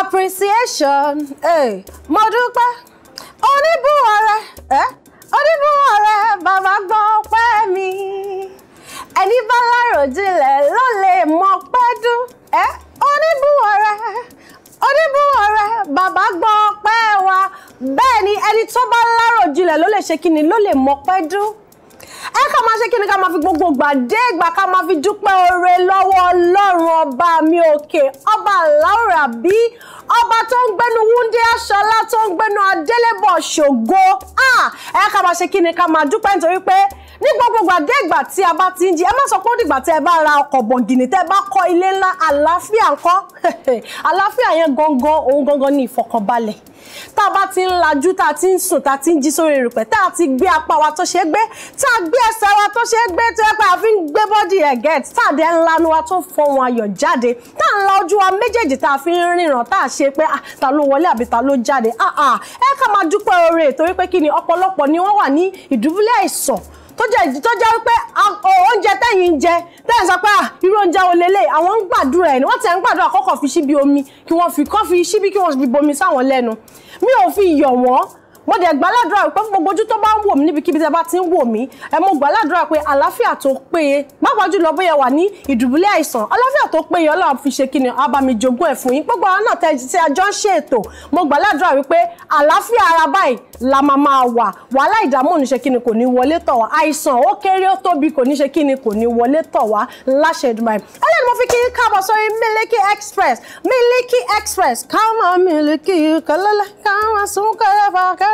appreciation mo dúpẹ́ oníbùwọ̀ rẹ oníbùwọ̀ rẹ bàbá gbọ́ ọpẹ́ mi ẹni bá láròjinlẹ̀ ló lè mọ pẹ́ dún oníbùwọ̀ rẹ oníbùwọ̀ rẹ bàbá gbọ́ ọpẹ́ wa bẹ́ẹ̀ ni ẹni tó bá láròjinlẹ̀ ló lè ṣe kí ni ló ẹ ká máa ṣe kí ni ká máa fi gbogbo gbà dé ìgbà ká máa fi dúpẹ́ oore lọ́wọ́ ọlọ́run ọba mi òkè ọba láwùrà bí ọba tó ń gbénu wúndé aṣọlá tó ń gbénu adélébọ̀ ṣògo ẹ ká máa ṣe kí ni ká máa dúpẹ́ nítorí pé ní gbogbo gbàgé ìgbà tí a bá ti ń jí ẹ má sọ pé ó dìgbà tẹ ẹ bá ra ọkọ̀ bọ̀ǹgìnì tẹ ẹ bá kọ́ ilé ńlá àlàáfíà ńkọ́ àlàáfíà yẹn gangan òun gangan ní ìfọ̀kànbalẹ̀ tá a bá ti ń lajú tá a ti ń sùn tá a ti ń jí sórí erùpẹ̀ tá a ti gbé apá wa tó ṣe é gbé tá a gbé ẹsẹ̀ wa tó ṣe é gbé tó yẹ pé a fi ń gbé bọ́dì ẹ̀ gẹ̀ẹ́tì tá a dẹ̀ ń lanu wa tó fọhùn ayọ̀ jáde tá a ń la ojú wa méjèèjì tá a fi ń ríran tá a ṣe pé ah, ta ló wọlé àbí ta ló jáde ah, ah. ẹ ká máa dúpẹ́ oore torí pé kí ni ọ̀pọ̀lọpọ̀ ni wọ́n wà ní ìdúbúlẹ̀ àìsàn tó jẹ́ tó jẹ́ wípé oúnjẹ tẹ́yìn ń jẹ tẹ́yìn sọ pé irú oúnjẹ wo lélẹ̀ àwọn ń gbàdúrà ẹ̀ ni wọ́n ti ń gbàdúrà kọ́kọ́ fi síbi omi kí wọ́n fi kọ́ fi síbi kí wọ́n fi bomi sáwọn lẹ́nu mi ò fi yọ̀ wọ́n mo dẹ̀ gbàládùra pé fún gbogbo ojú tó bá ń wò mí níbikíbi tẹ́ bá ti ń wò mí ẹ mo gbàládùra pé àlàáfíà tó péye pàápàá jùlọ bóyá wà ní ìdùbúlẹ̀ àìsàn àlàáfíà tó péye ọlọ́run fi ṣe kíni abàmì jogún ẹ̀ fún yín gbogbo àwọn náà tẹ́ ajọ́ ń ṣe ètò mo gbàládùra wípé àlàáfíà ara báyìí la máa máa wà wàhálà ìdààmú ò ní ṣe kíni kò ní wọlé tọ̀ wá àìsàn ó kéré ó tóbi kò ní ṣe kíni kò ní wọlé tọ̀ wá láṣẹ Èdùmàrè ẹlẹ́ni mo fi kí n káàbọ̀ sórí Miliki Express Miliki Express káwọn Miliki kọlọ́lá káwọn sún kọ́lá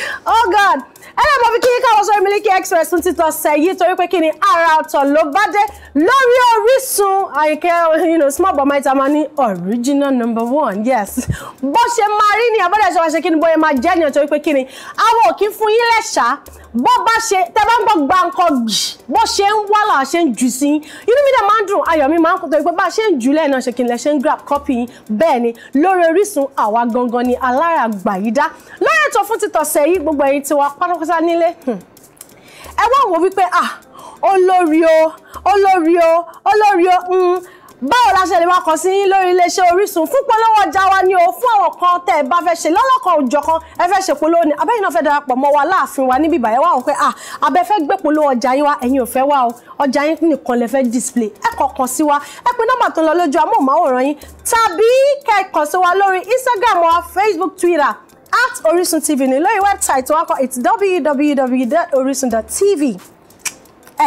káàbọ̀ sórí Miliki Express fún títọ́ ọ̀sẹ̀ yìí torí pé kí ni ara ọ̀tọ̀ ló bá dé lórí Orísun àyíkẹ́ you know small but mighty máa ní original number one yes bó ṣe máa rí ni àbọ̀dẹ̀ ṣe wá ṣe kí ni bóyá máa jẹ́ ènìyàn torí pé kí ni àwọn òkì fún yín lẹ́ṣà bó bá ṣe tẹ bá ń gbọ́ gbàǹkọ gbì bó ṣe ń wá là ṣe ń jù sí inú mi dẹ̀ máa ń dùn ayọ̀ mi máa ń kó torí pé bá ṣe ń jù lẹ́ẹ̀ náà ṣe kí ni lẹ ṣe ń grab copy yín bẹ́ẹ̀ ni lórí Orísun àwa gangan ni alára àgbà yìí dá lórí ètò fún títọ̀sẹ̀ yìí gbogbo ẹ̀yin tiwa pátápátá nílé hmm ẹ wá wò wípé ah olórí o olórí o olórí o hmm, báwo la ṣe lè máa kàn sí yín lórí iléeṣẹ́ Orísun fún polówó ọjà wa ni o fún àwọn kan tẹ́ ẹ bá fẹ́ ṣe lọ́lọ́kan òjọ̀kan ẹ fẹ́ ṣe polówó ni abẹ́yìn náà fẹ́ darapọ̀ mọ́ wa láàfin wa níbi ìbàyẹ̀wò àwọn pé ah abẹ́ fẹ́ gbé polówó ọjà yín wa ẹ̀yin ò fẹ́ wá o ọjà yín nìkan lè fẹ́ display ẹ kọ̀ọ̀kan sí wa ẹ pin nọ́mbà tó lọ lójú amóhùnmáwòrán yín tàbí kẹ́ sí wa lórí Instagram wa Facebook Twitter at Orisun TV ní lórí website wa kọ it's www.orisun.tv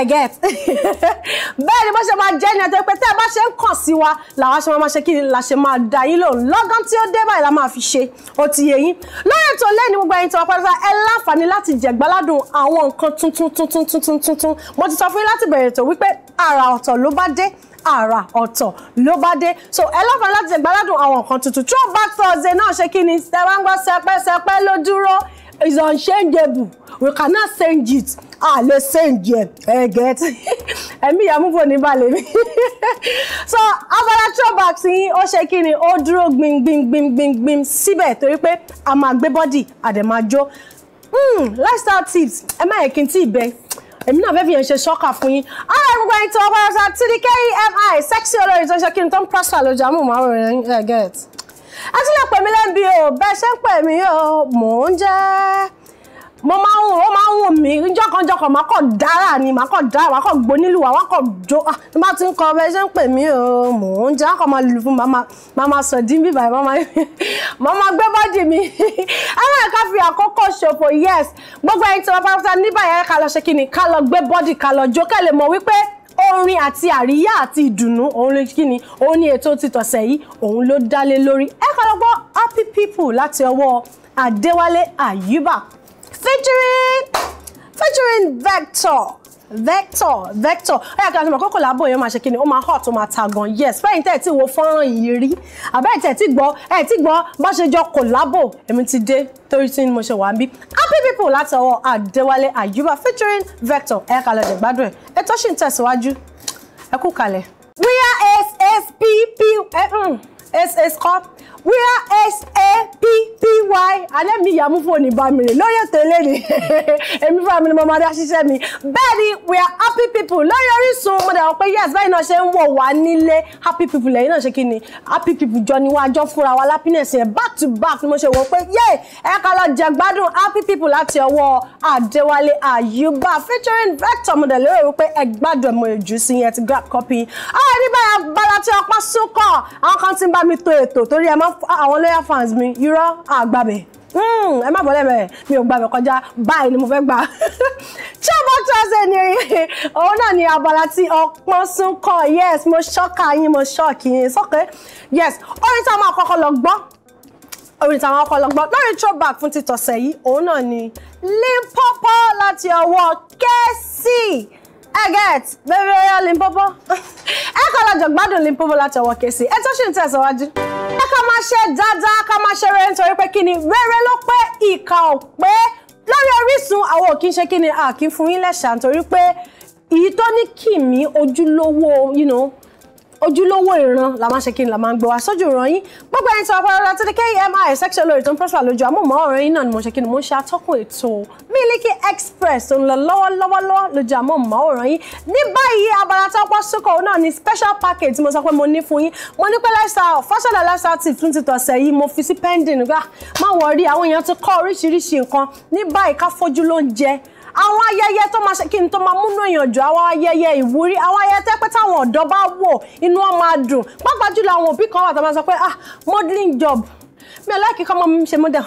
ẹ get bẹ́ẹ̀ ni bó ṣe máa jẹ́ ní ẹjọ́ pé tẹ́ ẹ bá ṣe ń kàn sí wa làwa ṣe máa ṣe kí ni la ṣe máa dà yín lòun lọ́gán tí ó dé báyìí la máa fi ṣe ó ti yé yín lórí ètò lẹ́ni gbogbo ẹ̀yin tí wọ́n pẹ́ẹ́sà ẹ láǹfààní láti jẹ̀gbáládùn àwọn nǹkan tuntun tuntun tuntun tuntun mo ti sọ fún yín láti bẹ̀rẹ̀ ètò wípé àrà ọ̀tọ̀ ló bá dé àrà ọ̀tọ̀ ló bá dé so ẹ lọ́fà láti lè gbáládùn àwọn nǹkan tuntun throwback thursday náà ṣe kí ni sẹ́wáńgbá sẹpẹ́sẹpẹ́ ló dúró is unchangeable we cannot change it a lè change ẹ ẹ get ẹmí ìyàmúfò ní balẹ̀ mi so abala throwback sí ó ṣe kí ni ó dúró gbingbingbingbingbin síbẹ̀ torí pé a máa gbé bọ́dì àdèmájó hmm, lifestyle tips ẹ má yẹ kí n tí ì bẹ èmi náà fẹ́ẹ́ fi yẹn ṣe ṣọ́kà fún yín ọ̀rọ̀ gbogbo ẹni tó ti di kemi sexy olórin tó ṣe kí n tó ń pásítà lójú amóhùnmáwòrán ẹ̀ gẹ̀ẹ́t ẹ ti lè pè mí lẹ́bi o bẹ́ẹ̀ ṣe ń pè mí o mò ń jẹ́ mo máa ń ó máa ń wù mí jọkànjọkàn máa kàn dára ni máa kàn dára máa kàn gbónílù wá máa kàn jó ah tí bá ti ń kọ bẹ́ẹ̀ ṣe ń pè mí o mò ń jẹ́ kàn máa lù fún máa máa sọ dín bíbá máa máa gbé bọ́dì mi ẹ̀rọ ẹ̀ka fi àkókò ṣòfò yes gbogbo ẹ̀yin tí wọ́n pátápátá níbà yẹn ká lọ ṣe kí ni ká lọ gbé bọ́dì ká lọ jó kẹ́ lè mọ̀ wípé orin àti àríyá àti ìdùnnú òun ló kí ni òun ní ètò títọ̀sẹ̀ yìí òun ló dálé lórí ẹ̀ka lọ́gbọ́n happy people láti ọwọ́ Adéwálé Àyùbá featuring featuring Vector Vector Vector ó yà kí a ṣe mọ̀ kókò lábò yẹn máa ṣe kíni ó máa hot ó máa ta gan yes fẹ́yìn tẹ́ ẹ̀ tí wo fọ́nrán yìí rí àbẹ́ ẹ̀ tẹ́ ẹ̀ tí gbọ́ ẹ̀ tí gbọ́ bá ṣe jọ kò lábò èmi ti dé torí tí mo ṣe wà ń bí happy people láti ọwọ́ Adéwálé Àyùbá featuring Vector ẹ̀ kalẹ̀ dẹ̀ gbádùn ẹ̀ ètò ṣì ń tẹ̀síwájú ẹ kú kalẹ̀. we are SSPP. Eh, mm. SS kọ́ wíwá S-A-P-P-Y alẹ́ mi ìyàmú fóònù ìbámirè lórí ètò eléyìí èmi fúnra mi ni mo máa dá ṣiṣẹ́ mi bẹ́ẹ̀ ni we are happy people lórí Orísun mo dàgbọ́ pé yes báyìí náà ṣe ń wọ̀ wá nílé happy people lẹ́yìn náà ṣe kí ni happy people jọ ni wọ́n àjọ fúnra wa happiness yẹn back to back ni mo ṣe wò ó pé yé ẹ ká lọ jẹ gbádùn happy people láti ọwọ́ Adéwálé Àyùbá featuring Vector mo dẹ̀ lérò wípé ẹ gbádùn ẹ̀mọ̀ ìjú sí yẹn ti grab copy. ọ̀rọ̀ ní báyà bala tí ọpá sún kọ̀ àwọn kan bá mi to ètò torí ẹ má àwọn lọ́yà fans mi irọ́ Hmm. ẹ má bọ́lẹ̀ mẹ́rin mi ò gbàbẹ̀ kọjá báyìí ni mo fẹ́ gbà ṣọ́bọ̀ tọ́sẹ̀ ni òun na ni abala tí ọpọ́n sún kọ́ yes mo ṣọ́ka yín mo ṣọ́ọ̀kì yín sọ́kẹ́ yes orin tá a máa kọ́kọ́ lọ gbọ́ orin tá a máa kọ́kọ́ lọ gbọ́ lórí throwback fún títọ̀sẹ̀ yìí òun náà ni limpopo lati ọwọ́ kẹ́sì ẹ gẹ́t bẹ́ẹ̀ bẹ́ẹ̀ Limpopo ẹ kọ́ lọ́jọ́ gbádùn Limpopo láti ọwọ́ Kessy ẹ tó ṣì ń tẹ̀síwájú. ẹ ká máa ṣe dáadáa ká máa ṣe rere nítorí pé kí ni rere ló pé ìkà ò pé lórí Orísun àwọn ò ṣe kí ni a yín lẹ́ṣà nítorí pé èyí tó ní kìmí ojúlówó you know ojúlówó ìran la máa ń ṣe kí ni la máa ń gbọ́ wá sójú ìran yín gbogbo ẹni tí wọ́n pàrọ̀ láti ní KMI section lórí tó ń pẹ́sà lójú amóhùnmáwòrán yín náà ni mo ṣe kí ni mo ń ṣe atọ́kùn ètò Miliki Express tó ń lọ lọ́wọ́lọ́wọ́ lójú amóhùnmáwòrán yín ní báyìí abala tó pọ̀ sókò náà ni special package tí mo sọ pé mo ní fún yín mo ní pé lifestyle fashion and lifestyle tips fún títọ̀ ọ̀sẹ̀ mo fi sí pending gbà má wọrí àwọn èèyàn ti kọ́ oríṣiríṣi nǹkan ní báyìí ká fojú lóúnjẹ àwọn ayẹyẹ tó máa ṣe kí n tó máa múnú èèyàn jù àwọn ayẹyẹ ìwúrí àwọn ayẹyẹ tẹ́ pé táwọn ọ̀dọ́ bá wò inú wọn máa dùn pàápàá jùlọ àwọn òbí kan wà tó máa sọ pé ah modeling job mi ò láìkí kọ́ mọ́ mi ṣe model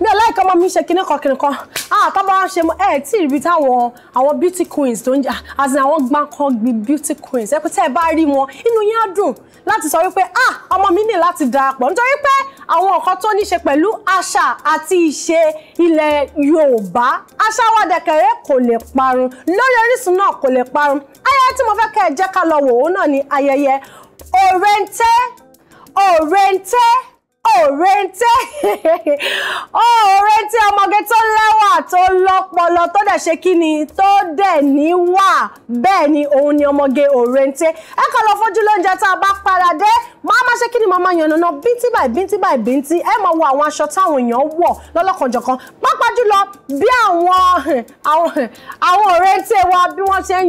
mi ò láìka ọmọ mi ṣe kinní kan kinní kan ah tábà wá ṣe ẹ tí ìrìbí táwọn àwọn beauty queens tó ń jà àti àwọn gbàǹkan gbin beauty queens ẹ pé tẹ́ ẹ bá rí wọn inú yín á dùn láti sọ wípé ah ọmọ mi ní láti darapọ̀ nítorí pé àwọn nǹkan tó ní ṣe pẹ̀lú àṣà àti ìṣe ilẹ̀ Yorùbá àṣà wa dẹ̀kẹ̀rẹ́ kò lè parun lórí Orísun náà kò lè parun ayẹyẹ tí mo fẹ́ kẹ́ ẹ jẹ́ ká lọ wò ó náà ní ayẹyẹ òrèǹtẹ́ òrèǹtẹ́ òrèǹtẹ́ rente, ọmọge tó lẹ́wà tó lọ́pọlọ tó dẹ̀ ṣe kí ni tó dẹ̀ níwà bẹ́ẹ̀ ni òun ni ọmọge òrèǹtẹ́ ẹ kàn lọ fojú lóúnjẹ tá a bá padà dé máa má ṣe kí ni màmá yànnàná bíntín báyìí bíntín báyìí bíntín ẹ máa wo àwọn aṣọ táwọn èèyàn wọ̀ lọ́lọ́kanjọ̀kan pápá lọ bí àwọn àwọn ọ̀rẹ́ tẹ́ wa bí wọ́n ṣe ń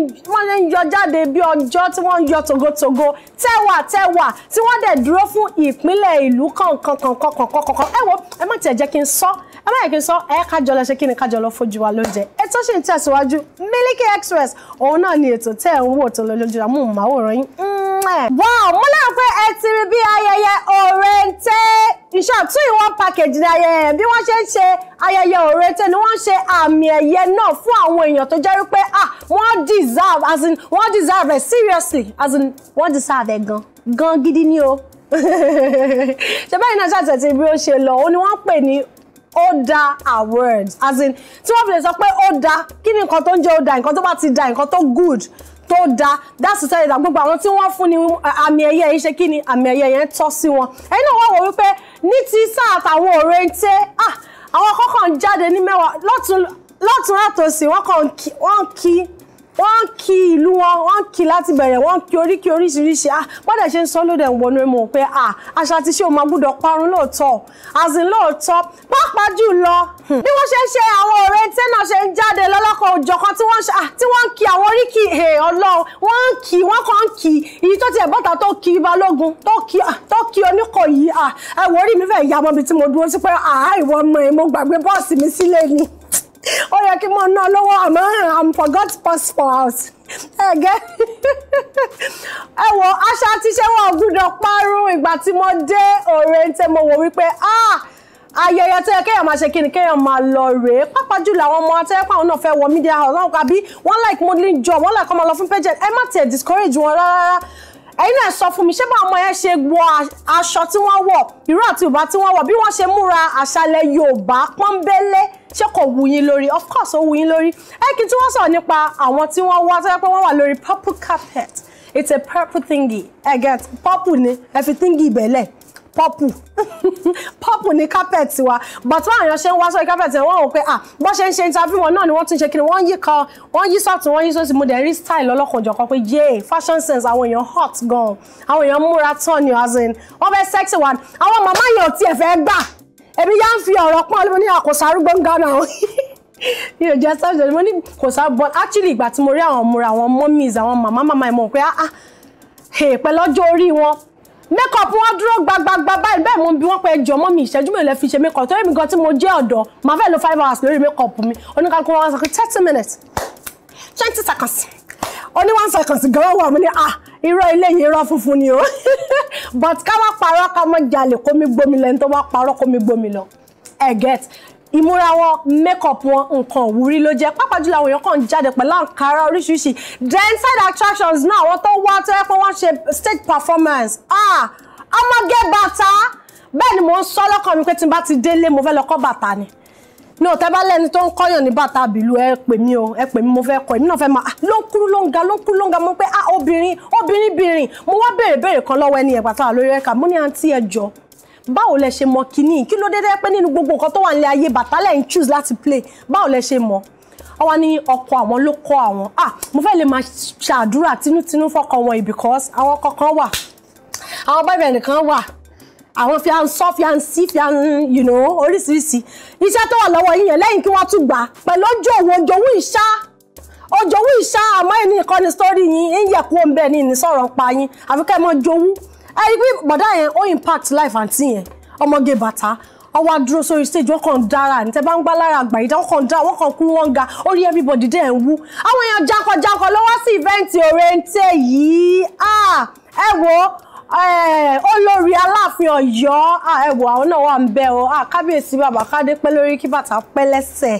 yọ jáde bí ọjọ́ tí wọ́n ń yọ tògótògó tẹ́wà tẹ́wà tí wọ́n dẹ̀ dúró fún ìpínlẹ̀ ìlú kọ̀ọ̀kan kọ̀ọ̀kan kọ̀ọ̀kan kọ̀ọ̀kan ẹ wo ẹ má tiẹ̀ jẹ́ kí n sọ ẹ má yẹ kí n sọ ẹ kájọ lọ ṣe kí ni kájọ lọ fojú wa lóúnjẹ ètò ṣì ń tẹ̀síwájú Miliki Express òun náà ni ètò tẹ́ ẹ̀ ń wò tó lójú àmúhùnmáwòrán yín mm wow mo lérò pé ẹ ti rí bí ayẹyẹ òrèǹtẹ iṣẹ́ àtún ìwọ̀n package ní ayẹyẹ bí wọ́n ṣe ń ṣe ayẹyẹ òrèǹtẹ ni wọ́n ṣe àmì ẹ̀yẹ náà fún àwọn èèyàn tó jẹ́ wípé ah wọ́n deserve as in wọ́n deserve it seriously as in wọ́n deserve it gan gan gidi ni o ṣe báyìí náà ṣàtẹ̀tẹ̀ bí ó ṣe lọ ó ni wọ́n pè ní Oda awards as in tí wọ́n fi lè sọ pé ó da kí ni nǹkan tó ń jẹ́ ó nǹkan tó bá ti da nǹkan tó good tó dáa that's to tell you that gbogbo àwọn tí wọ́n fún ni eh, àmì ẹ̀yẹ yìí ṣe kí ni àmì ẹ̀yẹ yẹn tọ́ sí wọn ẹ̀yin náà wọ́n wò wípé ní ti sáà àtàwọn òrèǹtẹ́ ah àwọn kọ́kọ́ ń jáde ní mẹ́wàá lọ́tún látòsí wọ́n kàn ń kí wọ́n kí ìlú wọn wọ́n kí láti bẹ̀rẹ̀ wọ́n kí orí kí oríṣiríṣi ah bọ́dẹ̀ ṣe ń sọ lóde ìwọ̀nù mọ̀ pé ah àṣà àti ṣé o máa gbúdọ̀ parun lóòótọ́ àsìn lóòótọ́ pàápàá jùlọ hmm. bí wọ́n ṣe ń ṣe àwọn ọ̀rẹ́ tẹ́ náà ṣe ń jáde lọ́lọ́kọ̀ òjọ̀kan tí wọ́n ah, tí wọ́n ń kí àwọn oríkì ẹ̀ ọlọ́run wọ́n ń kí wọ́n kàn ń kí iye tó tiẹ̀ bọ́ta tó kí balógun tó kí ah, tó kí oníkọ̀ yìí ah, ẹ̀ wọ́n rí mi fẹ́ ìyá ọmọ ibi tí mo dúró sí pé àá ìwọ ọmọ ẹ̀ mo gbàgbé bọ́ọ̀sì mi sílé ni ó yẹ kí mo ná lọ́wọ́ àmọ́ i'm forgot passport out ẹ̀gẹ́ ẹ wo aṣọ àti iṣẹ́ wọn gbúdọ̀ parun ìgbà tí mo dé òre ń tẹ́ mo wò wípé ah ayẹyẹ tó yẹ kéèyàn máa ṣe kí ni kéèyàn máa lọ rèé pápá jùlọ àwọn ọmọ atẹ́pọ̀ àwọn náà fẹ́ wọ media house láwọn àbí wọ́n like modeling job wọ́n like ọmọ lọ fún pageant ẹ má tiẹ̀ discourage wọn rárá ẹ̀yin náà sọ fún mi ṣé bá ọmọ yẹn ṣe wọ aṣọ tí wọ́n wọ̀ ìró àti ìbá tí wọ́n wọ̀ bí wọ́n ṣe múra àṣàlẹ̀ Yorùbá pọ́nbélé ṣé kò wù yín lórí of course ó wù yín lórí ẹ kí tí wọ́n sọ̀rọ̀ nípa àwọn tí wọ́n wá tó yẹ pé wọ́n wà lórí purple carpet it's a purple thingy ẹ get purple ni ẹ fi thingy ìbẹ̀lẹ̀ Purple. Purple ní kápẹ́ẹ̀tì wa but wọ́n àyàn ṣe ń wá sórí kápẹ́ẹ̀tì wọn wò pé ah bọ́n ṣe ń ṣe interview wọn náà ni wọ́n tún ṣe kí ni wọ́n yí kan wọ́n yí sọ́ọ̀tún wọ́n yí sọ́ọ̀tún mo dẹ̀ rí style ọlọ́kọ̀jọ̀ kan pé yay fashion sense àwọn èèyàn hot gan àwọn èèyàn múra tán ni as in wọ́n fẹ́ sexy one àwọn màmá yẹn ò tiẹ̀ fẹ́ gbà èmi yá ń fi ọ̀rọ̀ pọ́n lé mo ní àkóṣárú gbọ̀ngàn náà mi ò jẹ́ sábẹ́ mo ní kò sá but actually ìgbà tí mo rí àwọn ọmọra àwọn mummies àwọn màmá màmá ẹ̀ mọ̀ pé ah ah èèpẹ̀ lọ́jọ́ orí wọn makeup wọn dúró gbagbagba báyìí bẹ́ẹ̀ mo ń bi wọ́n pé ẹjọ́ mọ́ mi ìṣẹ́jú mi ò lè fi ṣe makeup torí mi gan tí mo jẹ́ ọ̀dọ́ màá fẹ́ lo five hours lórí makeup mi oníkálukú wọn sọ pé thirty minutes twenty seconds only one second gan wà mí ní ah irọ́ eléyìí irọ́ funfun ni o but ká má parọ́ ká má jalè kó mi gbomi lẹ́ni tó bá parọ́ kó mi gbomi lọ ẹ get ìmúra wọn makeup wọn nǹkan òwúrí ló jẹ pàápàá jùlọ àwọn èèyàn kan jáde pẹ̀lú àǹkárá oríṣiríṣi then side attractions náà àwọn tó wá tó yẹ pé wọ́n ṣe stage performance ah ọmọge bàtà bẹ́ẹ̀ ni mò ń sọ lọ́kàn mi pé tí n bá ti délé mo fẹ́ lọ bàtà ni ní ọ̀tá bá lẹ́ni tó ń kọ́yàn ní bàtà àbìlú ẹ pè mí o ẹ pè mí mo fẹ́ kọ́ èmi náà fẹ́ máa ah, ló ń kúrú ló ń ga ló ń kúrú ló ń ga mo pé ah obìnrin obìnrin bìnrin mo wá béèrè béèrè kan lọ́wọ́ ẹni ẹ̀gbà táwa lórí ẹ̀ka mo ní àǹtí ẹjọ́ báwo lẹ ṣe mọ kíní kí ló dé dé pé nínú gbogbo nǹkan tó wà nílé ayé bàtà lẹ ń choose láti play báwo lẹ ṣe mọ àwa ní ọkọ àwọn ló kọ àwọn ah mo fẹ́ lè máa ṣàdúrà tinútinú fọkọ wọn because àwọn kọ̀ọ̀kan wà àwọn báyìí nìkan wà àwọn fi à ń sọ fi à ń sí fi à ń you know oríṣiríṣi iṣẹ́ tó wà lọ́wọ́ yín yẹn lẹ́yìn kí wọ́n tún gbà pẹ̀lú ojú òun ojowú ìṣá ojowú ìṣá àmọ́ ẹni ìkọ́ni sítórì yín ń yẹ̀kú ọ̀nbẹ ni ìní sọ̀rọ̀ pa yín àfi ká ẹ mọ jowú ẹ rí i pé bọ̀dá yẹn ó impact life àǹtí yẹn ọmọge bàtà ọwọ́ adúró sórí stage wọ́n kàn dára ní tẹ́ bá ń gbá lára àgbà yìí wọ́n kàn dá wọ́n kàn kú wọ́n ga orí everybody dẹ̀ ń wú àwọn èèyàn jakọjakọ lọ́wọ́ sí ìfẹ́ǹtì òrèǹtẹ̀ yìí ah, ẹ wò ó Eh, olórí aláàfin Ọ̀yọ́ ah, ẹwọ àwọn náà wà ń bẹ o ah, kábíyèsí bàbá kádé pẹ́ lórí kí bàtà pẹ́ lẹ́sẹ̀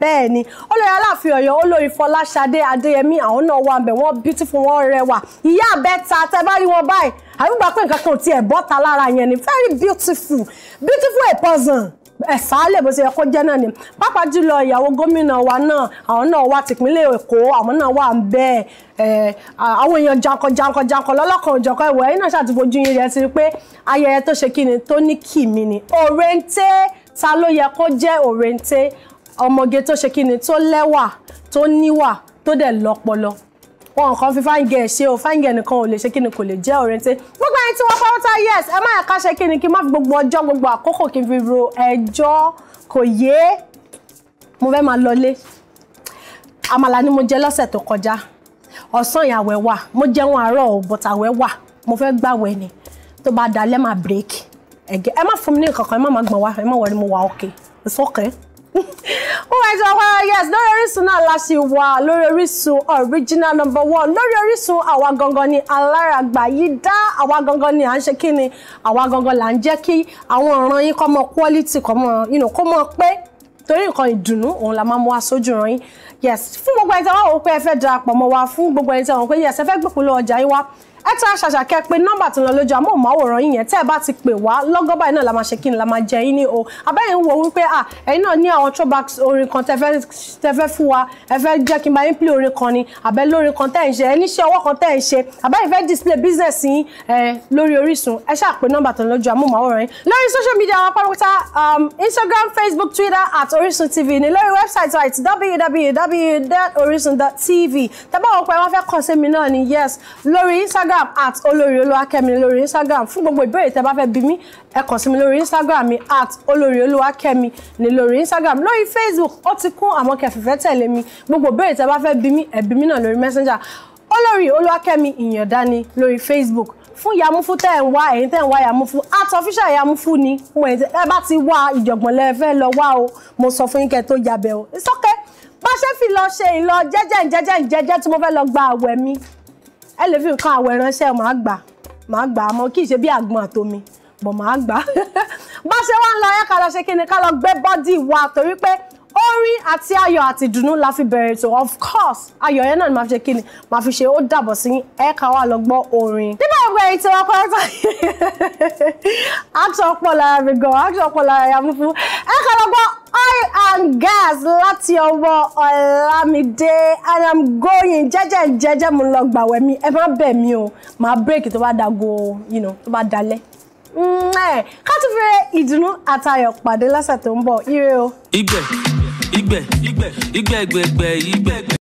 bẹ́ẹ̀ ni olórí aláàfin ọ̀yọ́ olórí fọláṣadé adéyẹmí àwọn náà wà bẹ̀ wọ́n beautiful wọ́n rẹwà ìyá àbẹ́ta tẹ́ bá rí wọn báyìí àbúgbà pé nǹkan kan ò tiẹ̀ bọ́ta lára yẹn ni very beautiful beautiful a person ẹ̀sálẹ̀ bó ṣe yẹ kó jẹ́ náà ni pápá jùlọ ìyàwó gómìnà wa náà àwọn náà wà tìpínlẹ̀ Èkó àwọn náà wà ń bẹ́ẹ̀ àwọn èèyàn jankan jankan jankan lọ́lọ́kan òjọ̀kan ìwọ̀ ẹ̀yìn náà ṣàtìfojú yín rẹ̀ sí pé ayẹyẹ tó ṣe kí ni tó ní kìmí ni òrèǹté ta ló yẹ kó jẹ́ òrèǹté ọmọge tó ṣe kí ni tó lẹ́wà tó níwà tó dẹ̀ lọ́pọlọ wọn kàn fi fáńgẹ̀ ṣe o fáńgẹ̀ nìkan ò lè ṣe kíni kò lè jẹ́ òrèǹté gbogbo ẹni tí wọ́n pàwọ́tà yes ẹ má yẹ ká ṣe kíni kí n má fi gbogbo ọjọ́ gbogbo àkókò kí n fi ro ẹjọ́ kò yé mo fẹ́ máa lọlé àmàlà ni mo jẹ lọ́sẹ̀ tó kọjá ọ̀sán ìyàwó ẹ̀ wà mo jẹun àárọ̀ ò bọ̀tàwẹ́ wà mo fẹ́ gbàwẹ̀ ni tó bá dalẹ́ máa bírèkì ẹ̀gẹ́ ẹ má fún mi ní nǹkan kan ẹ má má gbọ̀n wá ẹ má wọrí okay okay. ó wá jọ yes lórí Orísun náà la ṣì wà lórí Orísun original number one lórí Orísun àwa gangan ni aláràgbà yìí dá àwa gangan ni à ń ṣe kí ni àwa gangan là ń jẹ́ kí àwọn ọ̀ràn yín kọ́ mọ quality kọ́ mọ kó mọ pé torí nǹkan ìdùnnú òun la máa mú wá sójú ràn yín yes fún gbogbo ẹni tí wọn ò pé ẹ fẹ́ darapọ̀ mọ́ wa fún gbogbo ẹni tí wọn ò pé yes ẹ fẹ́ gbòpò lọ ọjà yín wá ẹ tẹ́ àṣàṣà kẹ́ pé nọ́mbà tó lọ lójú amóhùnmáwòrán yìí yẹn tẹ́ ẹ bá ti pè wá lọ́gọ́ báyìí náà la máa ṣe kí ni la máa jẹ yín ní o abẹ́yẹn ń wo wípé à ẹ̀yin náà ní àwọn throwbacks orin kan tẹ́ fẹ́ fún wa ẹ fẹ́ jẹ́ kí n bá yín play orin kan ni àbẹ́ lórin kan tẹ́ ń ṣe ẹni iṣẹ́ ọwọ́ kan tẹ́ ń ṣe àbẹ́yẹn fẹ́ display business yín lórí Orísun ẹ ṣáà pé nọ́mbà tó lójú amóhùnmáwòrán yín lórí social media wa pátápátá um, Instagram Facebook Twitter at Orisun TV ni lórí website wa it's www.orisun.tv tẹ́ bá wọn pẹ́ wọ́n fẹ́ kàn sí mi náà ni yes lórí Instagram instagram at Olori olúwakẹ́mi lórí instagram fún gbogbo ìbéèrè tẹ́ bá fẹ́ bí mi ẹ kàn sí mi lórí instagram mi at Olori olúwakẹ́mi ní lórí instagram Lori facebook ó ti kún àmọ́ kẹfìfẹ́ tẹ̀lé mi gbogbo ìbéèrè tẹ́ bá fẹ́ bí mi ẹ bí mi náà lórí messenger olórí olúwakẹ́mi ìyàndá ni lórí facebook fún yamufu tẹ́ ẹ̀ ń wá ẹ̀yin tẹ́ ẹ̀ ń wá yamufu at official yamufu ni mo ẹ̀ ẹ bá ti wá ìjọ̀gbọ̀n lẹ fẹ́ lọ wá o mo sọ fún yín kẹ́ tó yabẹ̀ o it's bá ṣe fi lọ ṣe ìlọ jẹ́jẹ́ jẹ́jẹ́ jẹ́jẹ́ tí mo fẹ́ lọ gba àwẹ̀ mi ẹ lè fi nǹkan àwẹ̀ ránṣẹ́ màá gbà màá gbà àmọ́ kì í ṣe bí àgbọn àtomi bọ̀ màá gbà bá ṣe wá ń lọ ẹ ká lọ ṣe kí ká lọ gbé bọ́dì wa torí pé orin àti ayọ̀ àti ìdùnnú la fi bẹ̀rẹ̀ ètò of course ayọ̀ yẹn náà ni màá fi ṣe kí ni màá fi ṣe ó dàbọ̀ sí ẹ ká wá lọ gbọ́ orin. nígbà gbogbo èyí tí wọ́n kọ́ ẹ́tà action ọpọlọ ara mi gan action ọpọlọ ara mi fún ẹ ká lọ gbọ́ oil and gas láti ọwọ́ ọ̀làmídé and i'm going jẹ́jẹ́ jẹ́jẹ́ mo lọ gbàwẹ̀ mi ẹ má bẹ̀ mí o màá break tó bá dago you know, tó bá dalẹ̀ ká tún fẹ́ ìdùnnú àtayọ̀ pàdé lọ́sẹ̀ tó ń bọ̀ ire o. igbe igbe igbe igbe igbe igbe igbe.